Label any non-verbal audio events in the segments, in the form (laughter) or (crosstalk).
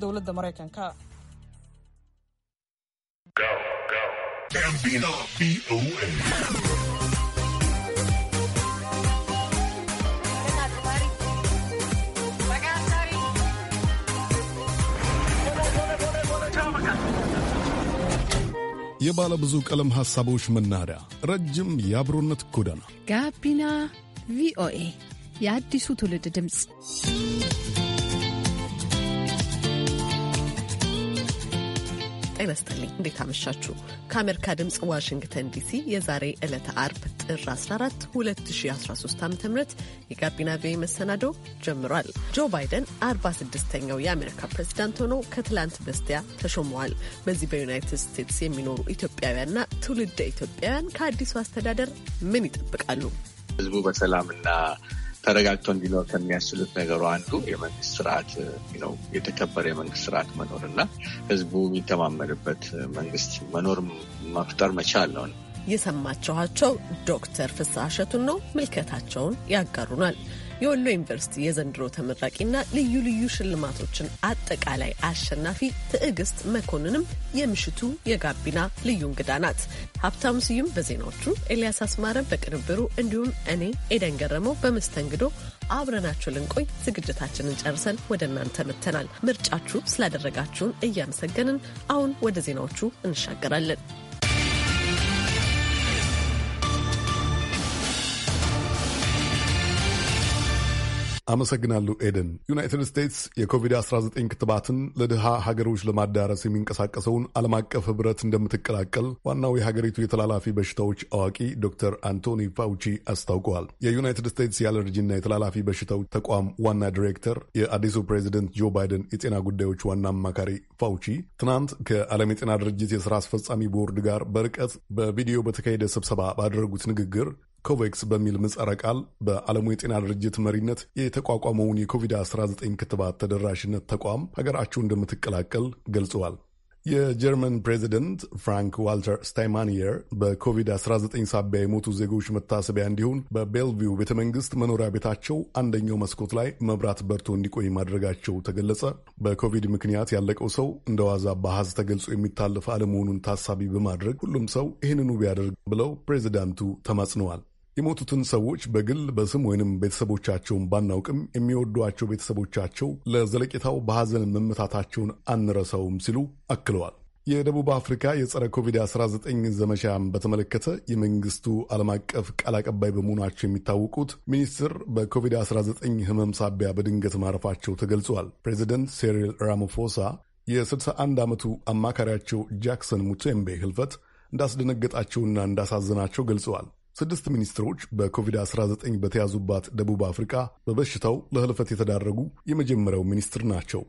dowladda Mareykanka. የባለ ብዙ ቀለም ሐሳቦች መናኸሪያ፣ ረጅም የአብሮነት ጎዳና፣ ጋቢና ቪኦኤ፣ የአዲሱ ትውልድ ድምፅ ጤና ይስጥልኝ። እንዴት አመሻችሁ? ከአሜሪካ ድምፅ ዋሽንግተን ዲሲ የዛሬ ዕለተ አርብ ጥር 14 2013 ዓ ም የጋቢና ቪ መሰናዶ ጀምሯል። ጆ ባይደን 46ኛው የአሜሪካ ፕሬዚዳንት ሆነው ከትላንት በስቲያ ተሾመዋል። በዚህ በዩናይትድ ስቴትስ የሚኖሩ ኢትዮጵያውያንና ትውልደ ኢትዮጵያውያን ከአዲሱ አስተዳደር ምን ይጠብቃሉ? ህዝቡ በሰላምና ተረጋግቶ እንዲኖር ከሚያስችሉት ነገሩ አንዱ የመንግስት ስርዓት ነው፣ የተከበረ የመንግስት ስርዓት መኖር እና ህዝቡ የሚተማመንበት መንግስት መኖር መፍጠር መቻል ነው። የሰማችኋቸው ዶክተር ፍስሐ እሸቱን ነው። ምልከታቸውን ያጋሩናል። የወሎ ዩኒቨርሲቲ የዘንድሮ ተመራቂና ልዩ ልዩ ሽልማቶችን አጠቃላይ አሸናፊ ትዕግስት መኮንንም የምሽቱ የጋቢና ልዩ እንግዳ ናት። ሀብታሙ ስዩም በዜናዎቹ፣ ኤልያስ አስማረ በቅንብሩ እንዲሁም እኔ ኤደን ገረመው በመስተንግዶ አብረናችሁ ልንቆይ ዝግጅታችንን ጨርሰን ወደ እናንተ መተናል። ምርጫችሁ ስላደረጋችሁን እያመሰገንን አሁን ወደ ዜናዎቹ እንሻገራለን። አመሰግናለሁ ኤደን። ዩናይትድ ስቴትስ የኮቪድ-19 ክትባትን ለድሃ ሀገሮች ለማዳረስ የሚንቀሳቀሰውን ዓለም አቀፍ ህብረት እንደምትቀላቀል ዋናው የሀገሪቱ የተላላፊ በሽታዎች አዋቂ ዶክተር አንቶኒ ፋውቺ አስታውቀዋል። የዩናይትድ ስቴትስ የአለርጂና የተላላፊ በሽታዎች ተቋም ዋና ዲሬክተር፣ የአዲሱ ፕሬዚደንት ጆ ባይደን የጤና ጉዳዮች ዋና አማካሪ ፋውቺ ትናንት ከዓለም የጤና ድርጅት የሥራ አስፈጻሚ ቦርድ ጋር በርቀት በቪዲዮ በተካሄደ ስብሰባ ባደረጉት ንግግር ኮቬክስ በሚል ምጸረ ቃል በዓለሙ የጤና ድርጅት መሪነት የተቋቋመውን የኮቪድ-19 ክትባት ተደራሽነት ተቋም ሀገራቸው እንደምትቀላቀል ገልጸዋል። የጀርመን ፕሬዚደንት ፍራንክ ዋልተር ስታይማንየር በኮቪድ-19 ሳቢያ የሞቱ ዜጎች መታሰቢያ እንዲሆን በቤልቪው ቤተ መንግስት መኖሪያ ቤታቸው አንደኛው መስኮት ላይ መብራት በርቶ እንዲቆይ ማድረጋቸው ተገለጸ። በኮቪድ ምክንያት ያለቀው ሰው እንደ ዋዛ በሐዝ ተገልጾ የሚታለፍ አለመሆኑን ታሳቢ በማድረግ ሁሉም ሰው ይህንኑ ቢያደርግ ብለው ፕሬዚዳንቱ ተማጽነዋል። የሞቱትን ሰዎች በግል በስም ወይንም ቤተሰቦቻቸውን ባናውቅም የሚወዷቸው ቤተሰቦቻቸው ለዘለቄታው በሐዘን መመታታቸውን አንረሳውም ሲሉ አክለዋል። የደቡብ አፍሪካ የጸረ ኮቪድ-19 ዘመቻን በተመለከተ የመንግስቱ ዓለም አቀፍ ቃል አቀባይ በመሆናቸው የሚታወቁት ሚኒስትር በኮቪድ-19 ህመም ሳቢያ በድንገት ማረፋቸው ተገልጿል። ፕሬዚደንት ሴሪል ራማፎሳ የ61 ዓመቱ አማካሪያቸው ጃክሰን ሙቴምቤ ህልፈት እንዳስደነገጣቸውና እንዳሳዘናቸው ገልጸዋል። ስድስት ሚኒስትሮች በኮቪድ-19 በተያዙባት ደቡብ አፍሪካ በበሽታው ለህልፈት የተዳረጉ የመጀመሪያው ሚኒስትር ናቸው።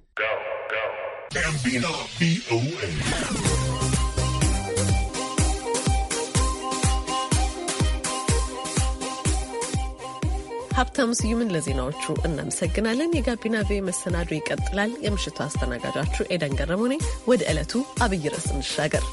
ሀብታም ስዩምን ለዜናዎቹ እናመሰግናለን። የጋቢና ቪኦኤ መሰናዶ ይቀጥላል። የምሽቱ አስተናጋጃችሁ ኤደን ገረመኔ። ወደ ዕለቱ አብይ ርዕስ እንሻገር።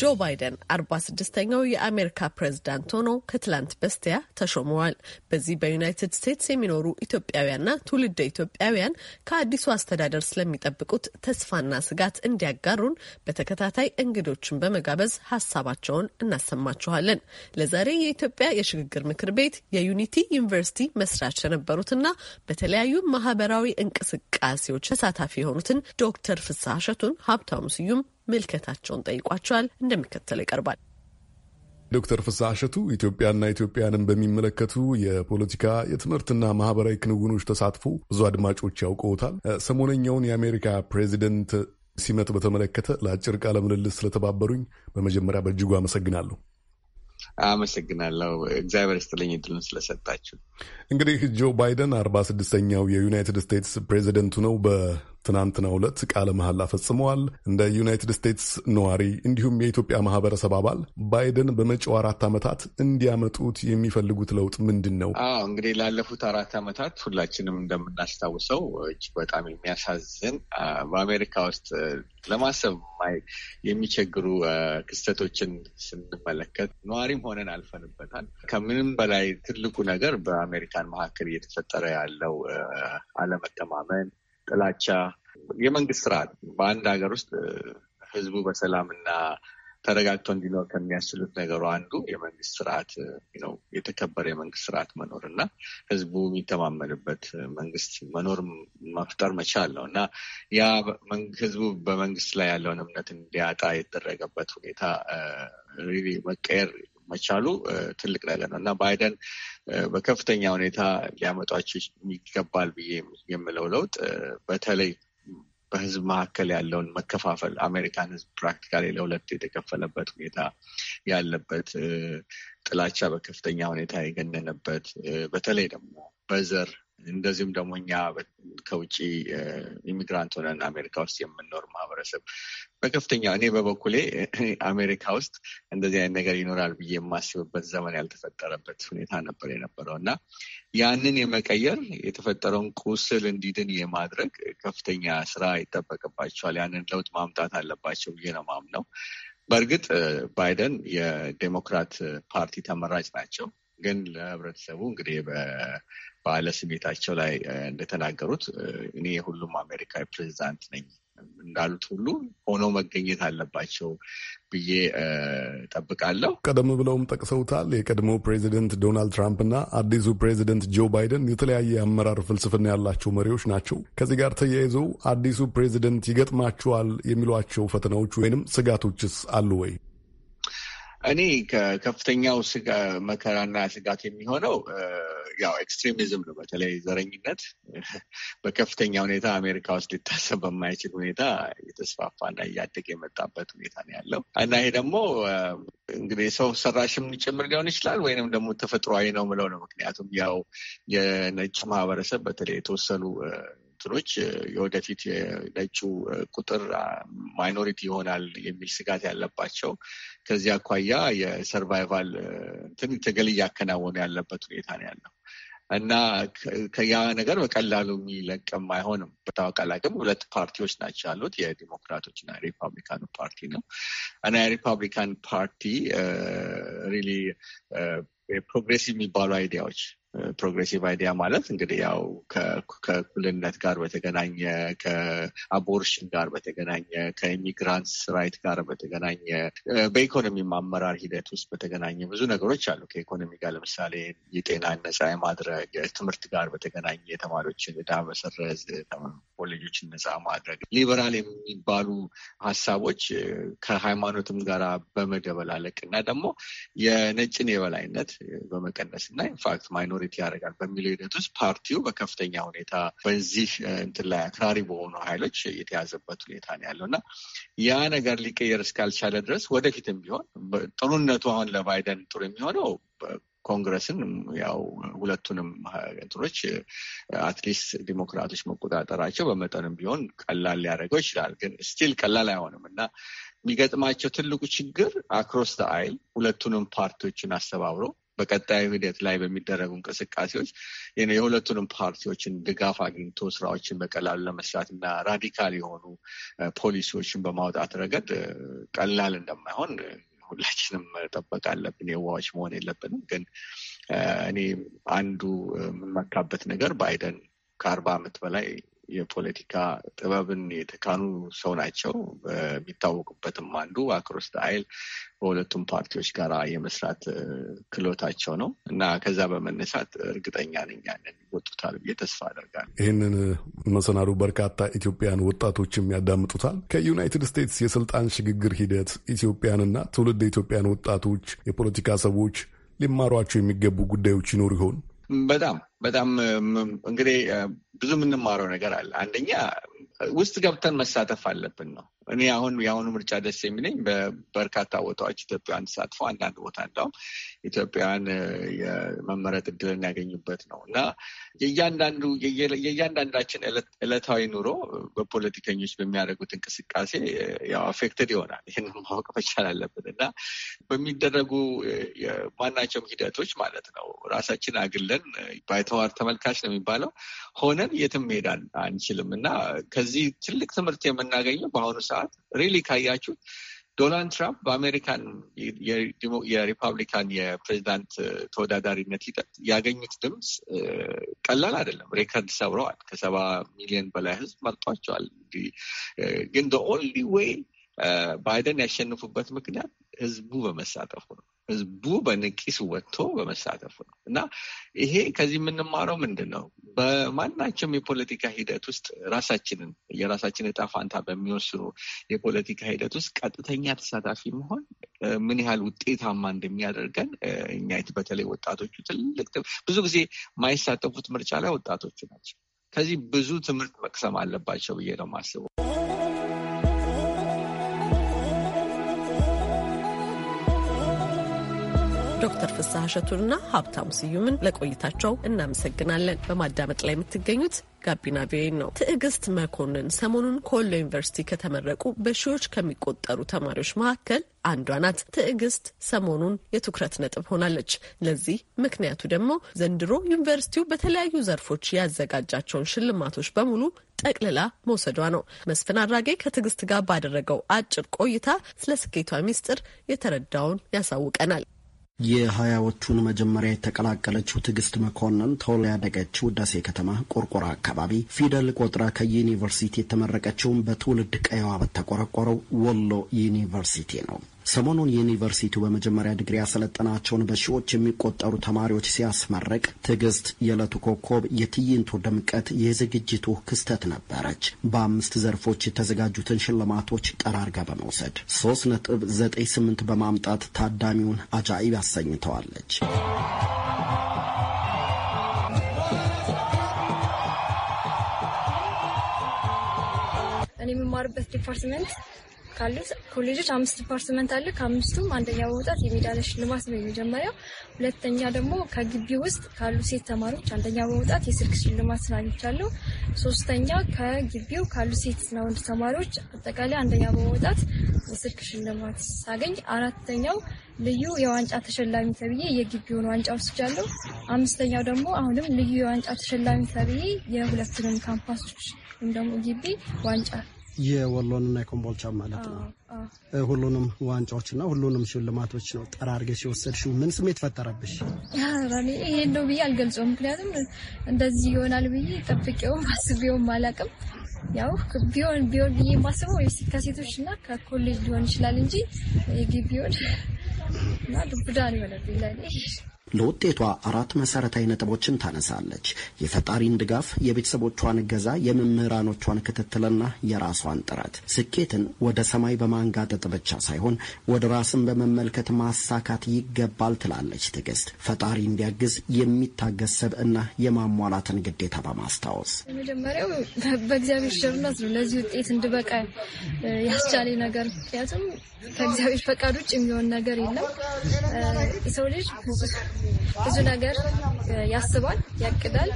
ጆ ባይደን አርባ ስድስተኛው የአሜሪካ ፕሬዝዳንት ሆኖ ከትላንት በስቲያ ተሾመዋል። በዚህ በዩናይትድ ስቴትስ የሚኖሩ ኢትዮጵያውያንና ትውልደ ኢትዮጵያውያን ከአዲሱ አስተዳደር ስለሚጠብቁት ተስፋና ስጋት እንዲያጋሩን በተከታታይ እንግዶችን በመጋበዝ ሀሳባቸውን እናሰማችኋለን። ለዛሬ የኢትዮጵያ የሽግግር ምክር ቤት የዩኒቲ ዩኒቨርሲቲ መስራች የነበሩትና በተለያዩ ማህበራዊ እንቅስቃሴዎች ተሳታፊ የሆኑትን ዶክተር ፍስሐ እሸቱን ሀብታሙ ስዩም ምልከታቸውን ጠይቋቸዋል። እንደሚከተል ይቀርባል። ዶክተር ፍስሐ እሸቱ ኢትዮጵያና ኢትዮጵያንን በሚመለከቱ የፖለቲካ የትምህርትና ማህበራዊ ክንውኖች ተሳትፎ ብዙ አድማጮች ያውቀውታል። ሰሞነኛውን የአሜሪካ ፕሬዚደንት ሲመት በተመለከተ ለአጭር ቃለ ምልልስ ስለተባበሩኝ በመጀመሪያ በእጅጉ አመሰግናለሁ። አመሰግናለሁ። እግዚአብሔር ስጥልኝ እድሉን ስለሰጣችሁ። እንግዲህ ጆ ባይደን አርባ ስድስተኛው የዩናይትድ ስቴትስ ፕሬዚደንቱ ነው በ ትናንትና ዕለት ቃለ መሐላ ፈጽመዋል። እንደ ዩናይትድ ስቴትስ ነዋሪ እንዲሁም የኢትዮጵያ ማህበረሰብ አባል ባይደን በመጪው አራት ዓመታት እንዲያመጡት የሚፈልጉት ለውጥ ምንድን ነው? አዎ እንግዲህ ላለፉት አራት ዓመታት ሁላችንም እንደምናስታውሰው እጅግ በጣም የሚያሳዝን በአሜሪካ ውስጥ ለማሰብ የሚቸግሩ ክስተቶችን ስንመለከት ነዋሪም ሆነን አልፈንበታል። ከምንም በላይ ትልቁ ነገር በአሜሪካን መካከል እየተፈጠረ ያለው አለመተማመን ጥላቻ የመንግስት ስርዓት በአንድ ሀገር ውስጥ ህዝቡ በሰላምና ተረጋግቶ እንዲኖር ከሚያስችሉት ነገሩ አንዱ የመንግስት ስርዓት ነው። የተከበረ የመንግስት ስርዓት መኖር እና ህዝቡ የሚተማመንበት መንግስት መኖር መፍጠር መቻል ነው እና ያ ህዝቡ በመንግስት ላይ ያለውን እምነት እንዲያጣ የተደረገበት ሁኔታ መቀየር መቻሉ ትልቅ ነገር ነው እና ባይደን በከፍተኛ ሁኔታ ሊያመጧቸው ይገባል ብዬ የምለው ለውጥ በተለይ በህዝብ መካከል ያለውን መከፋፈል አሜሪካን ህዝብ ፕራክቲካሊ ለሁለት የተከፈለበት ሁኔታ ያለበት፣ ጥላቻ በከፍተኛ ሁኔታ የገነነበት በተለይ ደግሞ በዘር እንደዚሁም ደግሞ እኛ ከውጭ ኢሚግራንት ሆነን አሜሪካ ውስጥ የምንኖር ማህበረሰብ በከፍተኛ እኔ በበኩሌ አሜሪካ ውስጥ እንደዚህ አይነት ነገር ይኖራል ብዬ የማስብበት ዘመን ያልተፈጠረበት ሁኔታ ነበር የነበረው እና ያንን የመቀየር የተፈጠረውን ቁስል እንዲድን የማድረግ ከፍተኛ ስራ ይጠበቅባቸዋል። ያንን ለውጥ ማምጣት አለባቸው ብዬ ነው ማምነው። በእርግጥ ባይደን የዴሞክራት ፓርቲ ተመራጭ ናቸው። ግን ለህብረተሰቡ እንግዲህ በባለ ስሜታቸው ላይ እንደተናገሩት እኔ ሁሉም አሜሪካዊ ፕሬዚዳንት ነኝ እንዳሉት ሁሉ ሆኖ መገኘት አለባቸው ብዬ ጠብቃለሁ። ቀደም ብለውም ጠቅሰውታል። የቀድሞው ፕሬዚደንት ዶናልድ ትራምፕ እና አዲሱ ፕሬዚደንት ጆ ባይደን የተለያየ አመራር ፍልስፍና ያላቸው መሪዎች ናቸው። ከዚህ ጋር ተያይዞ አዲሱ ፕሬዚደንት ይገጥማቸዋል የሚሏቸው ፈተናዎች ወይንም ስጋቶችስ አሉ ወይ? እኔ ከከፍተኛው መከራና ስጋት የሚሆነው ያው ኤክስትሪሚዝም ነው። በተለይ ዘረኝነት (laughs) በከፍተኛ ሁኔታ አሜሪካ ውስጥ ሊታሰብ በማይችል ሁኔታ እየተስፋፋና እያደገ የመጣበት ሁኔታ ነው ያለው እና ይሄ ደግሞ እንግዲህ ሰው ሰራሽም ጭምር ሊሆን ይችላል ወይንም ደግሞ ተፈጥሯዊ ነው ምለው ነው። ምክንያቱም ያው የነጭ ማህበረሰብ በተለይ የተወሰኑ እንትኖች የወደፊት የነጩ ቁጥር ማይኖሪቲ ይሆናል የሚል ስጋት ያለባቸው ከዚህ አኳያ የሰርቫይቫል እንትን ትግል እያከናወኑ ያለበት ሁኔታ ነው ያለው እና ከያ ነገር በቀላሉ የሚለቅም አይሆንም። በታወቃላቅም ሁለት ፓርቲዎች ናቸው ያሉት የዲሞክራቶች እና የሪፐብሊካኑ ፓርቲ ነው እና የሪፐብሊካን ፓርቲ ሪሊ ፕሮግሬሲቭ የሚባሉ አይዲያዎች ፕሮግሬሲቭ አይዲያ ማለት እንግዲህ ያው ከእኩልነት ጋር በተገናኘ ከአቦርሽን ጋር በተገናኘ ከኢሚግራንትስ ራይት ጋር በተገናኘ በኢኮኖሚ ማመራር ሂደት ውስጥ በተገናኘ ብዙ ነገሮች አሉ። ከኢኮኖሚ ጋር ለምሳሌ የጤና ነፃ የማድረግ ትምህርት ጋር በተገናኘ የተማሪዎችን እዳ መሰረዝ፣ ኮሌጆችን ነጻ ማድረግ ሊበራል የሚባሉ ሀሳቦች ከሃይማኖትም ጋር በመደበላለቅ እና ደግሞ የነጭን የበላይነት በመቀነስ እና ኢንፋክት ማይኖሪ ማጆሪቲ ያደርጋል በሚለው ሂደት ውስጥ ፓርቲው በከፍተኛ ሁኔታ በዚህ እንትን ላይ አክራሪ በሆኑ ኃይሎች የተያዘበት ሁኔታ ነው ያለው እና ያ ነገር ሊቀየር እስካልቻለ ድረስ ወደፊትም ቢሆን ጥሩነቱ አሁን ለባይደን ጥሩ የሚሆነው ኮንግረስን ያው ሁለቱንም እንትኖች አትሊስት ዲሞክራቶች መቆጣጠራቸው በመጠንም ቢሆን ቀላል ሊያደርገው ይችላል። ግን ስቲል ቀላል አይሆንም እና የሚገጥማቸው ትልቁ ችግር አክሮስ አይል ሁለቱንም ፓርቲዎችን አስተባብረው በቀጣዩ ሂደት ላይ በሚደረጉ እንቅስቃሴዎች የሁለቱንም ፓርቲዎችን ድጋፍ አግኝቶ ስራዎችን በቀላሉ ለመስራት እና ራዲካል የሆኑ ፖሊሲዎችን በማውጣት ረገድ ቀላል እንደማይሆን ሁላችንም መጠበቅ አለብን። የዋዎች መሆን የለብንም። ግን እኔ አንዱ የምመካበት ነገር ባይደን ከአርባ ዓመት በላይ የፖለቲካ ጥበብን የተካኑ ሰው ናቸው። የሚታወቁበትም አንዱ አክሮስ አይል በሁለቱም ፓርቲዎች ጋር የመስራት ክሎታቸው ነው እና ከዛ በመነሳት እርግጠኛ ነኝ ያንን ይወጡታል ብዬ ተስፋ አደርጋለሁ። ይህንን መሰናዶ በርካታ ኢትዮጵያን ወጣቶችም ያዳምጡታል። ከዩናይትድ ስቴትስ የስልጣን ሽግግር ሂደት ኢትዮጵያንና ትውልድ ኢትዮጵያን ወጣቶች፣ የፖለቲካ ሰዎች ሊማሯቸው የሚገቡ ጉዳዮች ይኖሩ ይሆን? በጣም በጣም እንግዲህ ብዙ የምንማረው ነገር አለ። አንደኛ ውስጥ ገብተን መሳተፍ አለብን ነው እኔ አሁን የአሁኑ ምርጫ ደስ የሚለኝ በበርካታ ቦታዎች ኢትዮጵያውያን ተሳትፎ አንዳንድ ቦታ እንዳውም ኢትዮጵያውያን የመመረጥ እድል የሚያገኙበት ነው እና የእያንዳንዱ የእያንዳንዳችን እለታዊ ኑሮ በፖለቲከኞች በሚያደርጉት እንቅስቃሴ ያው አፌክትድ ይሆናል። ይህን ማወቅ መቻል አለብን እና በሚደረጉ ማናቸውም ሂደቶች ማለት ነው ራሳችን አግለን ባይተዋር ተመልካች ነው የሚባለው ሆነን የትም መሄድ አንችልም እና ከዚህ ትልቅ ትምህርት የምናገኘው በአሁኑ ሰ ሰዓት ሪሊ ካያችሁት ዶናልድ ትራምፕ በአሜሪካን የሪፐብሊካን የፕሬዚዳንት ተወዳዳሪነት ሂደት ያገኙት ድምፅ ቀላል አይደለም። ሬከርድ ሰብረዋል። ከሰባ ሚሊዮን በላይ ህዝብ መርጧቸዋል። ግን ኦንሊ ዌይ ባይደን ያሸንፉበት ምክንያት ህዝቡ በመሳተፉ ነው። ህዝቡ በንቂስ ወጥቶ በመሳተፉ ነው እና ይሄ ከዚህ የምንማረው ምንድን ነው? በማናቸውም የፖለቲካ ሂደት ውስጥ ራሳችንን የራሳችን እጣ ፋንታ በሚወስኑ የፖለቲካ ሂደት ውስጥ ቀጥተኛ ተሳታፊ መሆን ምን ያህል ውጤታማ እንደሚያደርገን እኛ በተለይ ወጣቶቹ ትልቅ ብዙ ጊዜ የማይሳተፉት ምርጫ ላይ ወጣቶቹ ናቸው። ከዚህ ብዙ ትምህርት መቅሰም አለባቸው ብዬ ነው የማስበው። ካሳ ሀሸቱንና ሀብታሙ ስዩምን ለቆይታቸው እናመሰግናለን። በማዳመጥ ላይ የምትገኙት ጋቢና ቪኦኤ ነው። ትዕግስት መኮንን ሰሞኑን ከወሎ ዩኒቨርሲቲ ከተመረቁ በሺዎች ከሚቆጠሩ ተማሪዎች መካከል አንዷ ናት። ትዕግስት ሰሞኑን የትኩረት ነጥብ ሆናለች። ለዚህ ምክንያቱ ደግሞ ዘንድሮ ዩኒቨርሲቲው በተለያዩ ዘርፎች ያዘጋጃቸውን ሽልማቶች በሙሉ ጠቅልላ መውሰዷ ነው። መስፍን አድራጌ ከትዕግስት ጋር ባደረገው አጭር ቆይታ ስለ ስኬቷ ሚስጥር የተረዳውን ያሳውቀናል። የሀያዎቹን መጀመሪያ የተቀላቀለችው ትዕግስት መኮንን ተወልዳ ያደገችው ውዳሴ ከተማ ቆርቆራ አካባቢ ፊደል ቆጥራ ከዩኒቨርሲቲ የተመረቀችውን በትውልድ ቀየዋ በተቆረቆረው ወሎ ዩኒቨርሲቲ ነው። ሰሞኑን ዩኒቨርሲቲው በመጀመሪያ ዲግሪ ያሰለጠናቸውን በሺዎች የሚቆጠሩ ተማሪዎች ሲያስመርቅ ትዕግስት የዕለቱ ኮከብ የትዕይንቱ ድምቀት የዝግጅቱ ክስተት ነበረች። በአምስት ዘርፎች የተዘጋጁትን ሽልማቶች ጠራርጋ በመውሰድ ሶስት ነጥብ ዘጠኝ ስምንት በማምጣት ታዳሚውን አጃኢብ አሰኝተዋለች። እኔ የምማርበት ዲፓርትመንት ካሉት ኮሌጆች አምስት ዲፓርትመንት አለ። ከአምስቱም አንደኛ በመውጣት የሜዳሊያ ሽልማት ነው የመጀመሪያው። ሁለተኛ ደግሞ ከግቢ ውስጥ ካሉ ሴት ተማሪዎች አንደኛ በመውጣት የስልክ ሽልማት አግኝቻለሁ። ሶስተኛ ከግቢው ካሉ ሴትና ወንድ ተማሪዎች አጠቃላይ አንደኛ በመውጣት የስልክ ሽልማት ሳገኝ፣ አራተኛው ልዩ የዋንጫ ተሸላሚ ተብዬ የግቢውን ዋንጫ ወስጃለሁ። አምስተኛው ደግሞ አሁንም ልዩ የዋንጫ ተሸላሚ ተብዬ የሁለቱንም ካምፓሶች ወይም ደግሞ ግቢ ዋንጫ የወሎንና የኮምቦልቻ ማለት ነው። ሁሉንም ዋንጫዎችና ሁሉንም ሽልማቶች ነው ጠራርገሽ የወሰድሽው። ምን ስሜት ፈጠረብሽ? ይሄን ነው ብዬ አልገልጸውም። ምክንያቱም እንደዚህ ይሆናል ብዬ ጠብቄውም (laughs) አስቤውም አላቅም። ያው ቢሆን ቢሆን ብዬ ማስበው ከሴቶች እና ከኮሌጅ ሊሆን ይችላል እንጂ የግቢውን (laughs) እና ዱብዳ ነው ይሆነብኝ ለእኔ ለውጤቷ አራት መሰረታዊ ነጥቦችን ታነሳለች። የፈጣሪን ድጋፍ፣ የቤተሰቦቿን እገዛ፣ የመምህራኖቿን ክትትልና የራሷን ጥረት። ስኬትን ወደ ሰማይ በማንጋጠጥ ብቻ ሳይሆን ወደ ራስን በመመልከት ማሳካት ይገባል ትላለች ትዕግስት። ፈጣሪ እንዲያግዝ የሚታገስ ሰብዕና የማሟላትን ግዴታ በማስታወስ መጀመሪያው በእግዚአብሔር ቸርነት ነው ለዚህ ውጤት እንድበቃ ያስቻለ ነገር። ምክንያቱም ከእግዚአብሔር ፈቃድ ውጭ የሚሆን ነገር የለም የሰው ልጅ ብዙ ነገር ያስባል፣ ያቅዳል፣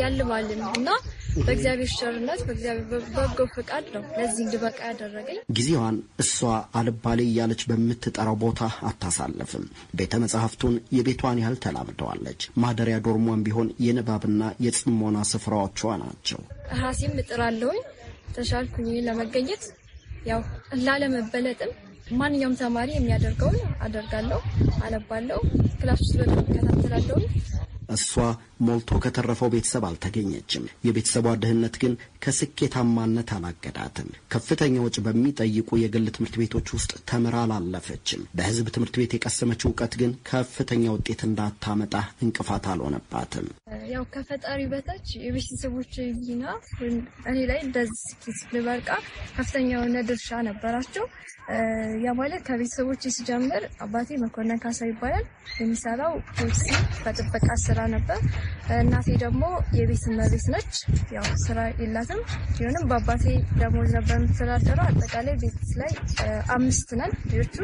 ያልማልም እና በእግዚአብሔር ቸርነት በእግዚአብሔር በጎ ፈቃድ ነው ለዚህ እንድበቃ ያደረገኝ። ጊዜዋን እሷ አልባሌ እያለች በምትጠራው ቦታ አታሳልፍም ቤተ መጽሐፍቱን የቤቷን ያህል ተላምደዋለች። ማደሪያ ዶርሟን ቢሆን የንባብና የጽሞና ስፍራዎቿ ናቸው። ራሴም እጥራለሁኝ ተሻልኩኝ ለመገኘት ያው ላለመበለጥም ማንኛውም ተማሪ የሚያደርገውን አደርጋለሁ፣ አነባለሁ፣ ክላስ ውስጥ በደንብ እከታተላለሁ። እሷ ሞልቶ ከተረፈው ቤተሰብ አልተገኘችም። የቤተሰቧ ድህነት ግን ከስኬታማነት አላገዳትም። ከፍተኛ ወጪ በሚጠይቁ የግል ትምህርት ቤቶች ውስጥ ተምራ አላለፈችም። በህዝብ ትምህርት ቤት የቀሰመችው እውቀት ግን ከፍተኛ ውጤት እንዳታመጣ እንቅፋት አልሆነባትም። ያው ከፈጣሪ በታች የቤተሰቦች ጊና እኔ ላይ እንደዚህ ስኬት ልበቃ ከፍተኛ የሆነ ድርሻ ነበራቸው። ያ ማለት ከቤተሰቦች ሲጀምር አባቴ መኮንን ካሳ ይባላል። የሚሰራው ፖሊሲ በጥበቃ ስራ ነበር። እናቴ ደግሞ የቤት እመቤት ነች። ያው ስራ የላትም አልደረስም። ቢሆንም በአባቴ ደሞዝ ነበር የምተዳደረው። አጠቃላይ ቤት ላይ አምስት ነን ልጆቹ።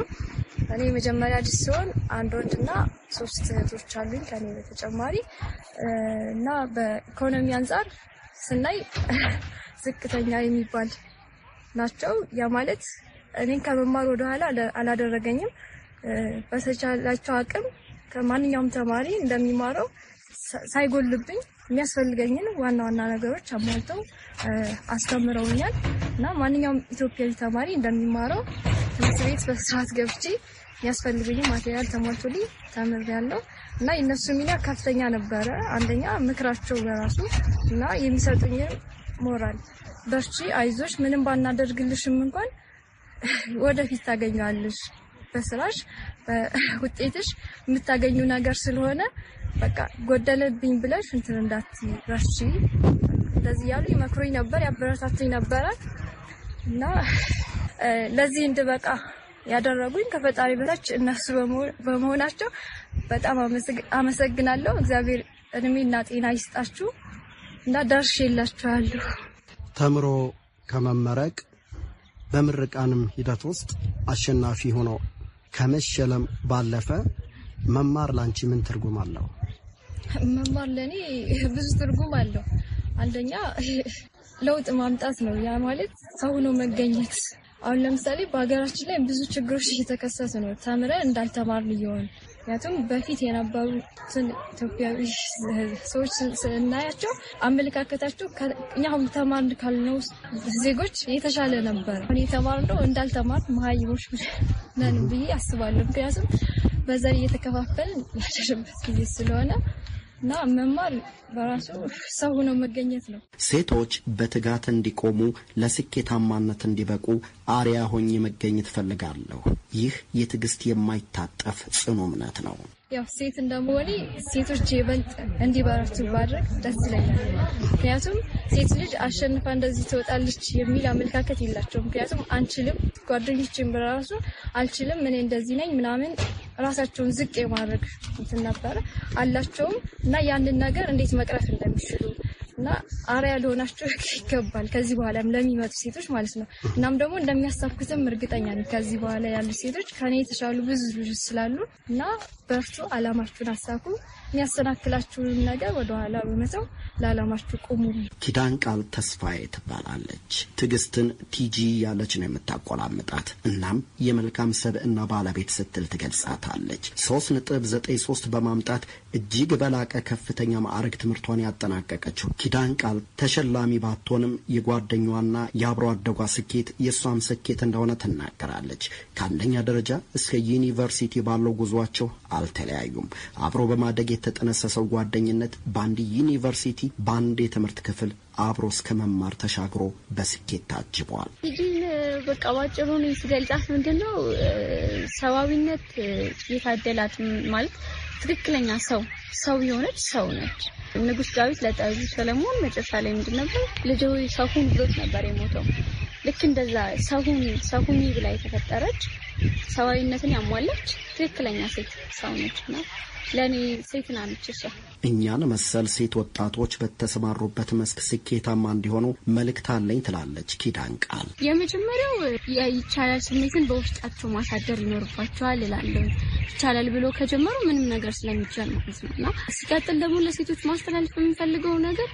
እኔ የመጀመሪያ ልጅ ሲሆን አንድ ወንድና ሶስት እህቶች አሉኝ ከኔ በተጨማሪ እና በኢኮኖሚ አንጻር ስናይ (laughs) ዝቅተኛ የሚባል ናቸው። ያ ማለት እኔን ከመማር ወደኋላ አላደረገኝም። በተቻላቸው አቅም ከማንኛውም ተማሪ እንደሚማረው ሳይጎልብኝ የሚያስፈልገኝን ዋና ዋና ነገሮች አሟልተው አስተምረውኛል እና ማንኛውም ኢትዮጵያዊ ተማሪ እንደሚማረው ትምህርት ቤት በስርዓት ገብቼ የሚያስፈልገኝ ማቴሪያል ተሟልቶልኝ ተምሬያለሁ እና የእነሱ ሚና ከፍተኛ ነበረ። አንደኛ ምክራቸው በራሱ እና የሚሰጡኝን ሞራል በርቺ፣ አይዞች፣ ምንም ባናደርግልሽም እንኳን ወደፊት ታገኛለሽ በስራሽ ውጤትሽ የምታገኙ ነገር ስለሆነ በቃ ጎደለብኝ ብለሽ እንትን እንዳትዪ እንደዚህ ያሉ ይመክሩኝ ነበር፣ ያበረታቱኝ ነበረ እና ለዚህ እንድበቃ ያደረጉኝ ከፈጣሪ በታች እነሱ በመሆናቸው በጣም አመሰግናለሁ። እግዚአብሔር እድሜና ጤና ይስጣችሁ እና ደርሼ የላችኋለሁ። ተምሮ ከመመረቅ በምርቃንም ሂደት ውስጥ አሸናፊ ሆኖ ከመሸለም ባለፈ መማር ላንቺ ምን ትርጉም አለው? መማር ለእኔ ብዙ ትርጉም አለው። አንደኛ ለውጥ ማምጣት ነው። ያ ማለት ሰው ነው መገኘት። አሁን ለምሳሌ በሀገራችን ላይ ብዙ ችግሮች እየተከሰቱ ነው፣ ተምረን እንዳልተማርን እየሆን ምክንያቱም በፊት የነበሩትን ኢትዮጵያዊ ሰዎች ስናያቸው አመለካከታቸው እኛ አሁን ተማርን ካልነው ዜጎች የተሻለ ነበር። የተማርነው እንዳልተማር መሀይሞች ነን ብዬ አስባለሁ። ምክንያቱም በዘር እየተከፋፈልን ያደረበት ጊዜ ስለሆነ እና መማር በራሱ ሰው ሆነው መገኘት ነው። ሴቶች በትጋት እንዲቆሙ ለስኬታማነት እንዲበቁ አሪያ ሆኜ መገኘት እፈልጋለሁ። ይህ የትዕግስት የማይታጠፍ ጽኑ እምነት ነው። ያው ሴት እንደመሆኔ ሴቶች ይበልጥ እንዲበረቱ ማድረግ ደስ ይለኛል። ምክንያቱም ሴት ልጅ አሸንፋ እንደዚህ ትወጣለች የሚል አመለካከት የላቸው። ምክንያቱም አንችልም፣ ጓደኞችም በራሱ አልችልም፣ እኔ እንደዚህ ነኝ ምናምን ራሳቸውን ዝቅ የማድረግ እንትን ነበረ አላቸውም እና ያንን ነገር እንዴት መቅረፍ እንደሚችሉ እና አርያ ሊሆናቸው ይገባል ከዚህ በኋላም ለሚመጡ ሴቶች ማለት ነው። እናም ደግሞ እንደሚያሳኩትም እርግጠኛ ነኝ። ከዚህ በኋላ ያሉ ሴቶች ከኔ የተሻሉ ብዙ ልጆች ስላሉ እና በርቱ፣ አላማችሁን አሳኩ። የሚያሰናክላችሁን ነገር ወደኋላ በመተው ለአላማችሁ ቁሙ። ኪዳን ቃል ተስፋዬ ትባላለች። ትዕግስትን ቲጂ ያለች ነው የምታቆላምጣት። እናም የመልካም ሰብዕና ባለቤት ስትል ትገልጻታለች። ሶስት ነጥብ ዘጠኝ ሶስት በማምጣት እጅግ በላቀ ከፍተኛ ማዕረግ ትምህርቷን ያጠናቀቀችው ኪዳን ቃል ተሸላሚ ባትሆንም የጓደኛዋና የአብሮ አደጓ ስኬት የእሷም ስኬት እንደሆነ ትናገራለች። ከአንደኛ ደረጃ እስከ ዩኒቨርሲቲ ባለው ጉዟቸው አልተለያዩም። አብሮ በማደግ የተጠነሰሰው ጓደኝነት በአንድ ዩኒቨርሲቲ በአንድ የትምህርት ክፍል አብሮ እስከ መማር ተሻግሮ በስኬት ታጅቧል። በቃ ባጭሩ ስገልጻት ምንድን ነው ሰብአዊነት የታደላት ማለት ትክክለኛ ሰው ሰው የሆነች ሰው ነች። ንጉስ ዳዊት ለጠዙ ሰለሞን መጨረሻ ላይ ምንድን ነበር ልጅ ሰው ሁን ብሎት ነበር የሞተው። ልክ እንደዛ ሰው ሁኚ ብላ የተፈጠረች ሰዋዊነትን ያሟላች ትክክለኛ ሴት ሰው ነች እና ለእኔ ሴት ናነች እሷ። እኛን መሰል ሴት ወጣቶች በተሰማሩበት መስክ ስኬታማ እንዲሆኑ መልእክት አለኝ ትላለች ኪዳን ቃል። የመጀመሪያው ይቻላል ስሜትን በውስጣቸው ማሳደር ይኖርባቸዋል እላለሁ። ይቻላል ብሎ ከጀመሩ ምንም ነገር ስለሚቻል ማለት ነው እና ሲቀጥል ደግሞ ለሴቶች ማስተላለፍ የምንፈልገው ነገር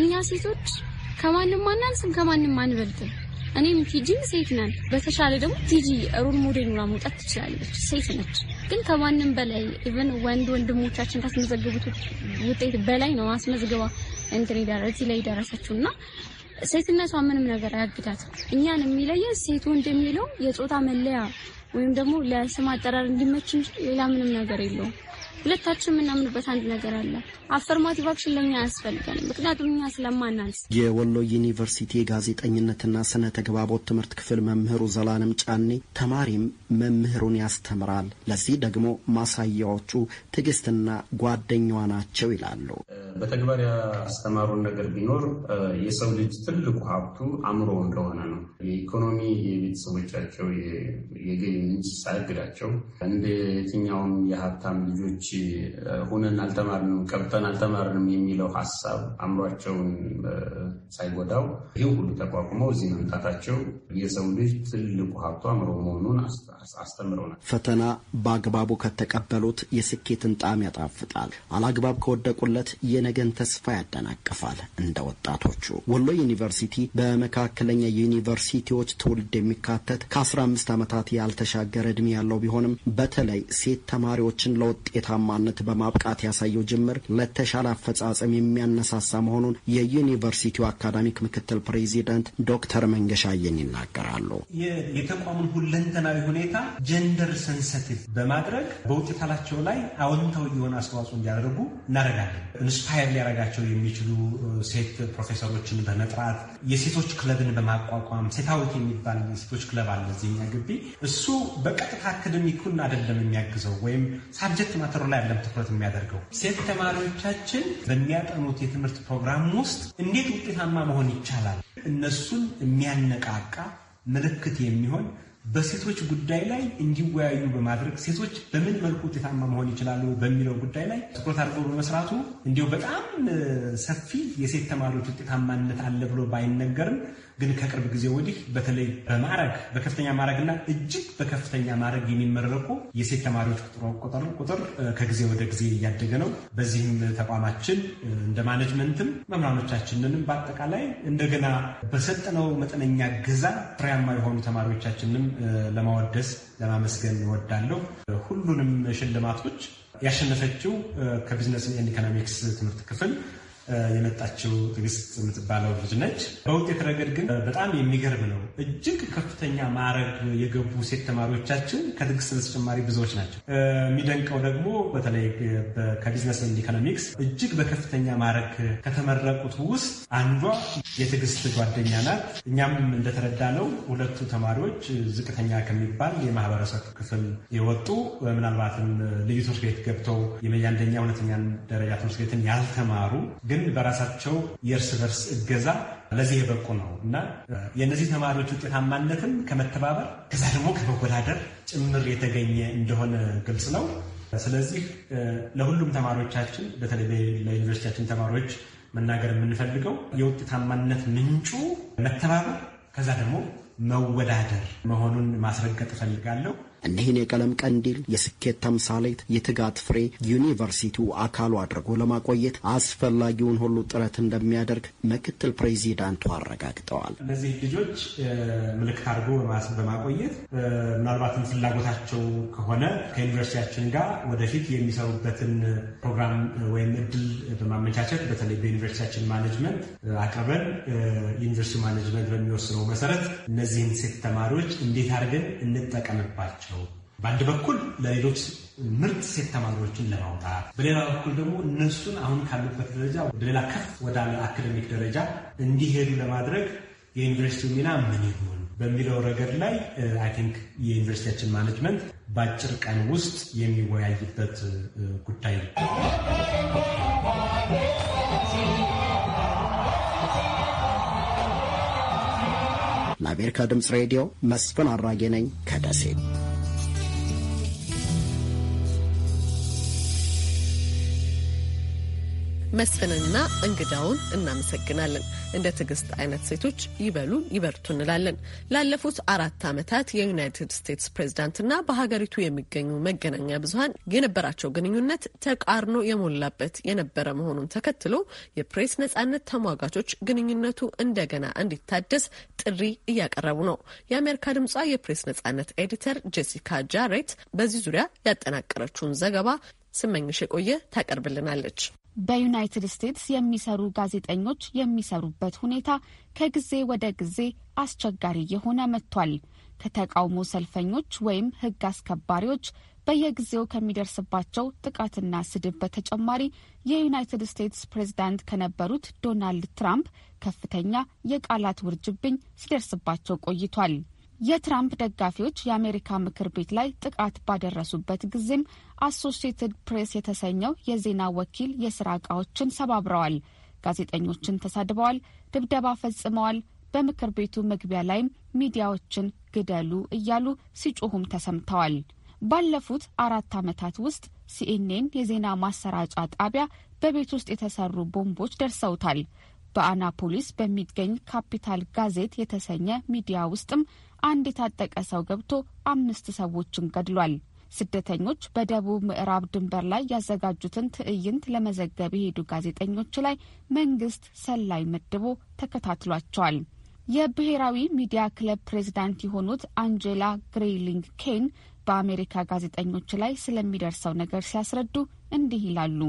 እኛ ሴቶች ከማንም አናንስም፣ ከማንም አንበልጥም እኔም ቲጂ ሴት ነን። በተሻለ ደግሞ ቲጂ ሮል ሞዴል ሆና መውጣት ትችላለች። ሴት ነች፣ ግን ከማንም በላይ ኢቨን ወንድ ወንድሞቻችን ካስመዘገቡት ውጤት በላይ ነው አስመዝግባ እንትን እዚህ ላይ ደረሰችው እና ሴትነቷ ምንም ነገር አያግዳት እኛን የሚለየ ሴት ወንድ የሚለው የጾታ መለያ ወይም ደግሞ ለስም አጠራር እንዲመች እንጂ ሌላ ምንም ነገር የለውም። ሁለታችን የምናምንበት አንድ ነገር አለ። አፈርማቲቭ አክሽን ለኛ ያስፈልጋል፣ ምክንያቱም እኛ ስለማናንስ። የወሎ ዩኒቨርሲቲ የጋዜጠኝነትና ስነ ተግባቦት ትምህርት ክፍል መምህሩ ዘላለም ጫኔ ተማሪም መምህሩን ያስተምራል፣ ለዚህ ደግሞ ማሳያዎቹ ትዕግስትና ጓደኛዋ ናቸው ይላሉ። በተግባር ያስተማሩን ነገር ቢኖር የሰው ልጅ ትልቁ ሀብቱ አእምሮ እንደሆነ ነው። የኢኮኖሚ የቤተሰቦቻቸው የገቢ ምንጭ ሳያግዳቸው እንደ የትኛውም የሀብታም ልጆች ሁነን አልተማርንም ቀብተን አልተማርንም የሚለው ሀሳብ አእምሯቸውን ሳይጎዳው ይህ ሁሉ ተቋቁመው እዚህ መምጣታቸው የሰው ልጅ ትልቁ ሀብቱ አእምሮ መሆኑን አስተምረውናል። ፈተና በአግባቡ ከተቀበሉት የስኬትን ጣዕም ያጣፍጣል፣ አላግባብ ከወደቁለት የነገን ተስፋ ያደናቅፋል። እንደ ወጣቶቹ ወሎ ዩኒቨርሲቲ በመካከለኛ ዩኒቨርሲቲዎች ትውልድ የሚካተት ከ15 ዓመታት ያልተሻገረ እድሜ ያለው ቢሆንም በተለይ ሴት ተማሪዎችን ለውጤታ ውጤታማነት በማብቃት ያሳየው ጅምር ለተሻለ አፈጻጸም የሚያነሳሳ መሆኑን የዩኒቨርሲቲው አካዳሚክ ምክትል ፕሬዚደንት ዶክተር መንገሻ አየን ይናገራሉ። የተቋሙን ሁለንተናዊ ሁኔታ ጀንደር ሰንሰቲቭ በማድረግ በውጤታላቸው ላይ አዎንታዊ የሆነ አስተዋጽኦ እንዲያደርጉ እናደርጋለን። ኢንስፓየር ሊያደርጋቸው የሚችሉ ሴት ፕሮፌሰሮችን በመጥራት የሴቶች ክለብን በማቋቋም ሴታዊት የሚባል የሴቶች ክለብ አለ እዚህኛ ግቢ። እሱ በቀጥታ አካደሚኩን አይደለም የሚያግዘው ወይም ሳብጀክት ማተር ጥሩ ያለም ትኩረት የሚያደርገው። ሴት ተማሪዎቻችን በሚያጠኑት የትምህርት ፕሮግራም ውስጥ እንዴት ውጤታማ መሆን ይቻላል፣ እነሱን የሚያነቃቃ ምልክት የሚሆን በሴቶች ጉዳይ ላይ እንዲወያዩ በማድረግ ሴቶች በምን መልኩ ውጤታማ መሆን ይችላሉ በሚለው ጉዳይ ላይ ትኩረት አድርጎ በመስራቱ እንዲሁ በጣም ሰፊ የሴት ተማሪዎች ውጤታማነት አለ ብሎ ባይነገርም ግን ከቅርብ ጊዜ ወዲህ በተለይ በማዕረግ በከፍተኛ ማዕረግና እጅግ በከፍተኛ ማዕረግ የሚመረቁ የሴት ተማሪዎች ቁጥር ቁጥር ከጊዜ ወደ ጊዜ እያደገ ነው። በዚህም ተቋማችን እንደ ማኔጅመንትም መምህራኖቻችንንም በአጠቃላይ እንደገና በሰጠነው መጠነኛ ገዛ ፍሬያማ የሆኑ ተማሪዎቻችንንም ለማወደስ ለማመስገን እወዳለሁ። ሁሉንም ሽልማቶች ያሸነፈችው ከቢዝነስ ኤንድ ኢኮኖሚክስ ትምህርት ክፍል የመጣችው ትዕግስት የምትባለው ልጅ ነች። በውጤት ረገድ ግን በጣም የሚገርም ነው። እጅግ ከፍተኛ ማዕረግ የገቡ ሴት ተማሪዎቻችን ከትግስት በተጨማሪ ብዙዎች ናቸው። የሚደንቀው ደግሞ በተለይ ከቢዝነስ ኤንድ ኢኮኖሚክስ እጅግ በከፍተኛ ማዕረግ ከተመረቁት ውስጥ አንዷ የትግስት ጓደኛ ናት። እኛም እንደተረዳነው ሁለቱ ተማሪዎች ዝቅተኛ ከሚባል የማህበረሰብ ክፍል የወጡ ምናልባትም ልዩ ትምህርት ቤት ገብተው የመያንደኛ ሁለተኛ ደረጃ ትምህርት ቤትን ያልተማሩ ግን በራሳቸው የእርስ በርስ እገዛ ለዚህ የበቁ ነው እና የእነዚህ ተማሪዎች ውጤታማነትም ከመተባበር ከዛ ደግሞ ከመወዳደር ጭምር የተገኘ እንደሆነ ግልጽ ነው። ስለዚህ ለሁሉም ተማሪዎቻችን በተለይ ለዩኒቨርሲቲያችን ተማሪዎች መናገር የምንፈልገው የውጤታማነት ምንጩ መተባበር ከዛ ደግሞ መወዳደር መሆኑን ማስረገጥ እፈልጋለሁ። እኒህን የቀለም ቀንዲል የስኬት ተምሳሌት፣ የትጋት ፍሬ ዩኒቨርሲቲው አካሉ አድርጎ ለማቆየት አስፈላጊውን ሁሉ ጥረት እንደሚያደርግ ምክትል ፕሬዚዳንቱ አረጋግጠዋል። እነዚህ ልጆች ምልክት አድርጎ በማቆየት ምናልባትም ፍላጎታቸው ከሆነ ከዩኒቨርሲቲያችን ጋር ወደፊት የሚሰሩበትን ፕሮግራም ወይም እድል በማመቻቸት በተለይ በዩኒቨርሲቲያችን ማኔጅመንት አቅርበን ዩኒቨርሲቲ ማኔጅመንት በሚወስነው መሰረት እነዚህን ሴት ተማሪዎች እንዴት አድርገን እንጠቀምባቸው ናቸው። በአንድ በኩል ለሌሎች ምርጥ ሴት ተማሪዎችን ለማውጣት፣ በሌላ በኩል ደግሞ እነሱን አሁን ካሉበት ደረጃ ወደ ሌላ ከፍ ወዳለ አካደሚክ ደረጃ እንዲሄዱ ለማድረግ የዩኒቨርሲቲው ሚና ምን ይሆን በሚለው ረገድ ላይ አይ uh, ቲንክ የዩኒቨርሲቲያችን ማኔጅመንት በአጭር ቀን ውስጥ የሚወያይበት uh, ጉዳይ ነው። ለአሜሪካ ድምፅ ሬዲዮ መስፍን አራጌ ነኝ ከደሴ። መስፍንና እንግዳውን እናመሰግናለን። እንደ ትዕግስት አይነት ሴቶች ይበሉ ይበርቱ እንላለን። ላለፉት አራት ዓመታት የዩናይትድ ስቴትስ ፕሬዝዳንትና በሀገሪቱ የሚገኙ መገናኛ ብዙኃን የነበራቸው ግንኙነት ተቃርኖ የሞላበት የነበረ መሆኑን ተከትሎ የፕሬስ ነጻነት ተሟጋቾች ግንኙነቱ እንደገና እንዲታደስ ጥሪ እያቀረቡ ነው። የአሜሪካ ድምጿ የፕሬስ ነጻነት ኤዲተር ጄሲካ ጃሬት በዚህ ዙሪያ ያጠናቀረችውን ዘገባ ስመኝሽ የቆየ ታቀርብልናለች። በዩናይትድ ስቴትስ የሚሰሩ ጋዜጠኞች የሚሰሩበት ሁኔታ ከጊዜ ወደ ጊዜ አስቸጋሪ የሆነ መጥቷል። ከተቃውሞ ሰልፈኞች ወይም ሕግ አስከባሪዎች በየጊዜው ከሚደርስባቸው ጥቃትና ስድብ በተጨማሪ የዩናይትድ ስቴትስ ፕሬዝዳንት ከነበሩት ዶናልድ ትራምፕ ከፍተኛ የቃላት ውርጅብኝ ሲደርስባቸው ቆይቷል። የትራምፕ ደጋፊዎች የአሜሪካ ምክር ቤት ላይ ጥቃት ባደረሱበት ጊዜም አሶሺየትድ ፕሬስ የተሰኘው የዜና ወኪል የስራ እቃዎችን ሰባብረዋል፣ ጋዜጠኞችን ተሳድበዋል፣ ድብደባ ፈጽመዋል፣ በምክር ቤቱ መግቢያ ላይም ሚዲያዎችን ግደሉ እያሉ ሲጮሁም ተሰምተዋል። ባለፉት አራት ዓመታት ውስጥ ሲኤንኤን የዜና ማሰራጫ ጣቢያ በቤት ውስጥ የተሰሩ ቦምቦች ደርሰውታል። በአናፖሊስ በሚገኝ ካፒታል ጋዜት የተሰኘ ሚዲያ ውስጥም አንድ የታጠቀ ሰው ገብቶ አምስት ሰዎችን ገድሏል። ስደተኞች በደቡብ ምዕራብ ድንበር ላይ ያዘጋጁትን ትዕይንት ለመዘገብ የሄዱ ጋዜጠኞች ላይ መንግስት ሰላይ መድቦ ተከታትሏቸዋል። የብሔራዊ ሚዲያ ክለብ ፕሬዚዳንት የሆኑት አንጀላ ግሬሊንግ ኬን በአሜሪካ ጋዜጠኞች ላይ ስለሚደርሰው ነገር ሲያስረዱ እንዲህ ይላሉ።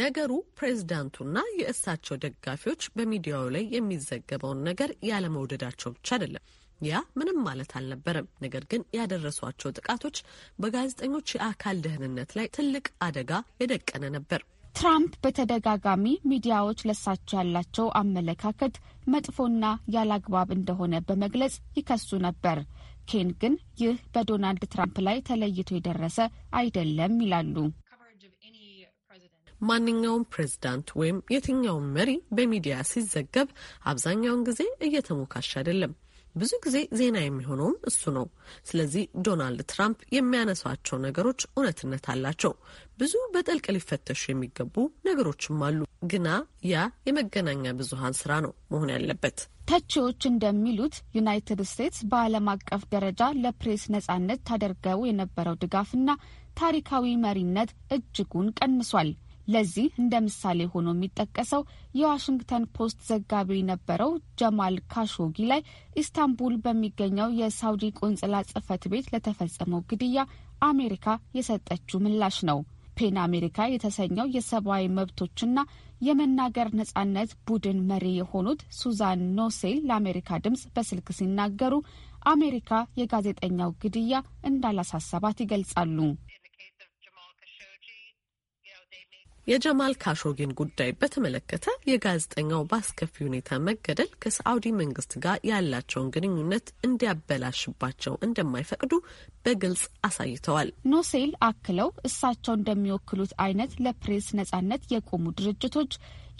ነገሩ ፕሬዝዳንቱና የእሳቸው ደጋፊዎች በሚዲያው ላይ የሚዘገበውን ነገር ያለመውደዳቸው ብቻ አይደለም። ያ ምንም ማለት አልነበረም። ነገር ግን ያደረሷቸው ጥቃቶች በጋዜጠኞች የአካል ደህንነት ላይ ትልቅ አደጋ የደቀነ ነበር። ትራምፕ በተደጋጋሚ ሚዲያዎች ለሳቸው ያላቸው አመለካከት መጥፎና ያላግባብ እንደሆነ በመግለጽ ይከሱ ነበር። ኬን ግን ይህ በዶናልድ ትራምፕ ላይ ተለይቶ የደረሰ አይደለም ይላሉ። ማንኛውም ፕሬዝዳንት ወይም የትኛውም መሪ በሚዲያ ሲዘገብ አብዛኛውን ጊዜ እየተሞካሽ አይደለም። ብዙ ጊዜ ዜና የሚሆነውም እሱ ነው። ስለዚህ ዶናልድ ትራምፕ የሚያነሷቸው ነገሮች እውነትነት አላቸው። ብዙ በጥልቅ ሊፈተሹ የሚገቡ ነገሮችም አሉ። ግና ያ የመገናኛ ብዙሃን ስራ ነው መሆን ያለበት። ተቺዎች እንደሚሉት ዩናይትድ ስቴትስ በዓለም አቀፍ ደረጃ ለፕሬስ ነጻነት ታደርገው የነበረው ድጋፍና ታሪካዊ መሪነት እጅጉን ቀንሷል። ለዚህ እንደ ምሳሌ ሆኖ የሚጠቀሰው የዋሽንግተን ፖስት ዘጋቢ የነበረው ጀማል ካሾጊ ላይ ኢስታንቡል በሚገኘው የሳውዲ ቆንጽላ ጽህፈት ቤት ለተፈጸመው ግድያ አሜሪካ የሰጠችው ምላሽ ነው። ፔን አሜሪካ የተሰኘው የሰብአዊ መብቶችና የመናገር ነጻነት ቡድን መሪ የሆኑት ሱዛን ኖሴል ለአሜሪካ ድምጽ በስልክ ሲናገሩ አሜሪካ የጋዜጠኛው ግድያ እንዳላሳሰባት ይገልጻሉ። የጀማል ካሾጊን ጉዳይ በተመለከተ የጋዜጠኛው በአስከፊ ሁኔታ መገደል ከሳዑዲ መንግስት ጋር ያላቸውን ግንኙነት እንዲያበላሽባቸው እንደማይፈቅዱ በግልጽ አሳይተዋል። ኖሴል አክለው እሳቸው እንደሚወክሉት አይነት ለፕሬስ ነጻነት የቆሙ ድርጅቶች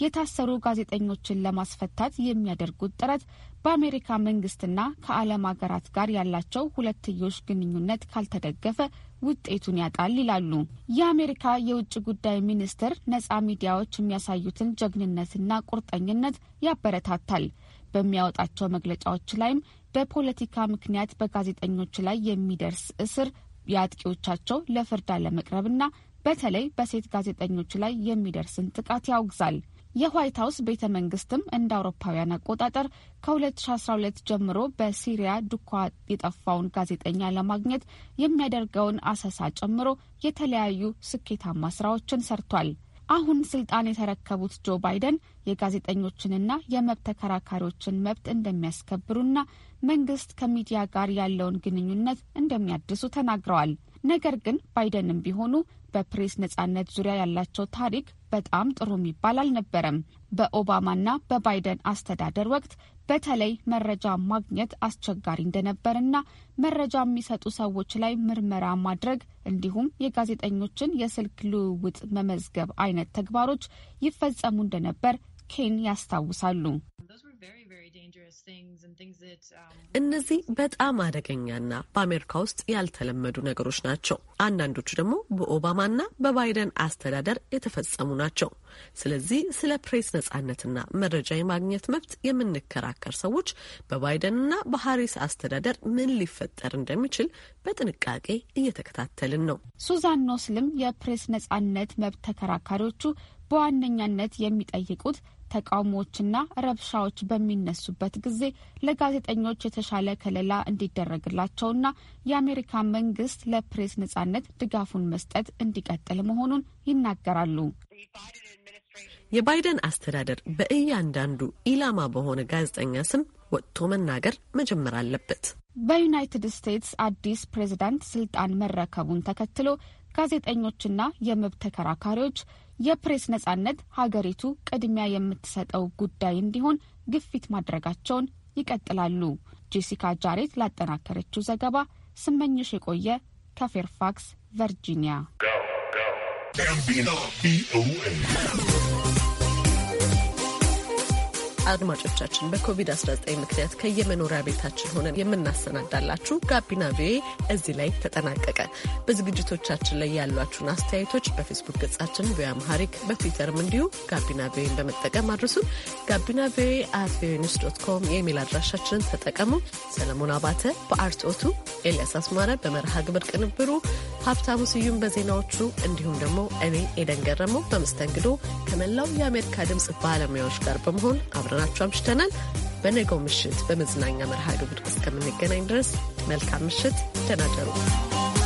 የታሰሩ ጋዜጠኞችን ለማስፈታት የሚያደርጉት ጥረት በአሜሪካ መንግስትና ከዓለም ሀገራት ጋር ያላቸው ሁለትዮሽ ግንኙነት ካልተደገፈ ውጤቱን ያጣል ይላሉ። የአሜሪካ የውጭ ጉዳይ ሚኒስትር ነጻ ሚዲያዎች የሚያሳዩትን ጀግንነትና ቁርጠኝነት ያበረታታል። በሚያወጣቸው መግለጫዎች ላይም በፖለቲካ ምክንያት በጋዜጠኞች ላይ የሚደርስ እስር የአጥቂዎቻቸው ለፍርድ አለመቅረብና በተለይ በሴት ጋዜጠኞች ላይ የሚደርስን ጥቃት ያውግዛል። የዋይት ሀውስ ቤተ መንግስትም እንደ አውሮፓውያን አቆጣጠር ከ2012 ጀምሮ በሲሪያ ዱካ የጠፋውን ጋዜጠኛ ለማግኘት የሚያደርገውን አሰሳ ጨምሮ የተለያዩ ስኬታማ ስራዎችን ሰርቷል። አሁን ስልጣን የተረከቡት ጆ ባይደን የጋዜጠኞችንና የመብት ተከራካሪዎችን መብት እንደሚያስከብሩና መንግስት ከሚዲያ ጋር ያለውን ግንኙነት እንደሚያድሱ ተናግረዋል። ነገር ግን ባይደንም ቢሆኑ በፕሬስ ነጻነት ዙሪያ ያላቸው ታሪክ በጣም ጥሩ የሚባል አልነበረም። በኦባማና በባይደን አስተዳደር ወቅት በተለይ መረጃ ማግኘት አስቸጋሪ እንደነበርና መረጃ የሚሰጡ ሰዎች ላይ ምርመራ ማድረግ እንዲሁም የጋዜጠኞችን የስልክ ልውውጥ መመዝገብ አይነት ተግባሮች ይፈጸሙ እንደነበር ኬን ያስታውሳሉ። Um, እነዚህ በጣም አደገኛና በአሜሪካ ውስጥ ያልተለመዱ ነገሮች ናቸው። አንዳንዶቹ ደግሞ በኦባማና በባይደን አስተዳደር የተፈጸሙ ናቸው። ስለዚህ ስለ ፕሬስ ነጻነትና መረጃ የማግኘት መብት የምንከራከር ሰዎች በባይደንና በሀሪስ አስተዳደር ምን ሊፈጠር እንደሚችል በጥንቃቄ እየተከታተልን ነው። ሱዛን ኖስልም የፕሬስ ነጻነት መብት ተከራካሪዎቹ በዋነኛነት የሚጠይቁት ተቃውሞዎችና ረብሻዎች በሚነሱበት ጊዜ ለጋዜጠኞች የተሻለ ከለላ እንዲደረግላቸውና የአሜሪካ መንግስት ለፕሬስ ነጻነት ድጋፉን መስጠት እንዲቀጥል መሆኑን ይናገራሉ። የባይደን አስተዳደር በእያንዳንዱ ኢላማ በሆነ ጋዜጠኛ ስም ወጥቶ መናገር መጀመር አለበት። በዩናይትድ ስቴትስ አዲስ ፕሬዝዳንት ስልጣን መረከቡን ተከትሎ ጋዜጠኞችና የመብት ተከራካሪዎች የፕሬስ ነጻነት ሀገሪቱ ቅድሚያ የምትሰጠው ጉዳይ እንዲሆን ግፊት ማድረጋቸውን ይቀጥላሉ። ጄሲካ ጃሬት ላጠናከረችው ዘገባ ስመኝሽ የቆየ ከፌርፋክስ ቨርጂኒያ። አድማጮቻችን በኮቪድ-19 ምክንያት ከየመኖሪያ ቤታችን ሆነን የምናሰናዳላችሁ ጋቢና ቪኦኤ እዚህ ላይ ተጠናቀቀ። በዝግጅቶቻችን ላይ ያሏችሁን አስተያየቶች በፌስቡክ ገጻችን ቪኦኤ አምሃሪክ፣ በትዊተርም እንዲሁ ጋቢና ቪኦኤን በመጠቀም አድርሱ ጋቢና ቪኦኤ አት ቪኦኤ ኒውስ ዶት ኮም የኢሜል አድራሻችንን ተጠቀሙ። ሰለሞን አባተ በአርቶቱ ኤልያስ አስማረ በመርሃ ግብር ቅንብሩ፣ ሀብታሙ ስዩም በዜናዎቹ እንዲሁም ደግሞ እኔ ኤደን ገረመው በመስተንግዶ ከመላው የአሜሪካ ድምፅ ባለሙያዎች ጋር በመሆን አብረ አብረናችሁ አምሽተናል። በነገው ምሽት በመዝናኛ መርሃ ግብር እስከምንገናኝ ድረስ መልካም ምሽት፣ ደህና